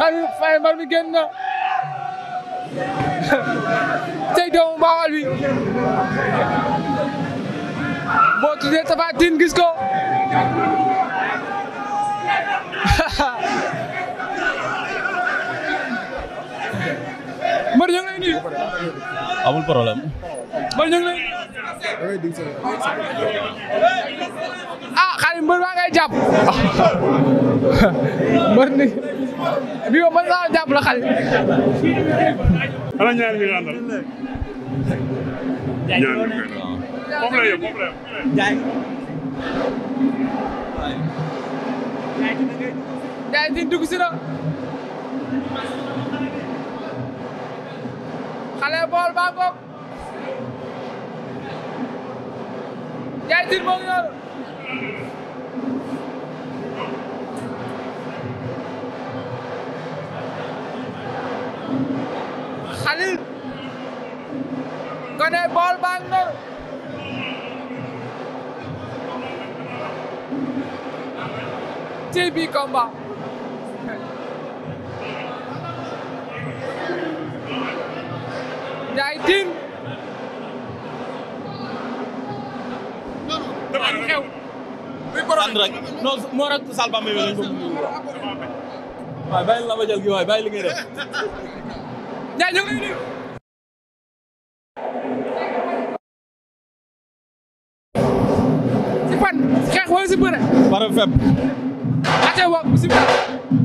Xalifa Faye mbar mi génn na ay doomu baawal bi boo tuddee Tapha Tine gis ko mbër ñu ngi lay nuyu. amul problème. mbër ñu ngi lay ah xaaral mbër maa ngay jàpp mbër ni bii moom mën naa jàpp la xale. ala ñaan foofu la yem foofu la yem. jaay di dugg si na. xale bool baa ngoog. jaay di moo ngi noonu. Ngoné bool baa ngi noonu ci bi combat Ndiaye Tine xew sant rek non moo rek Sall Bambey bi lañ ko waaye bàyyi la ba gi waaye bàyyi li ngay def pan xeex wala si bëre. war a fep. ate wo bisimilah.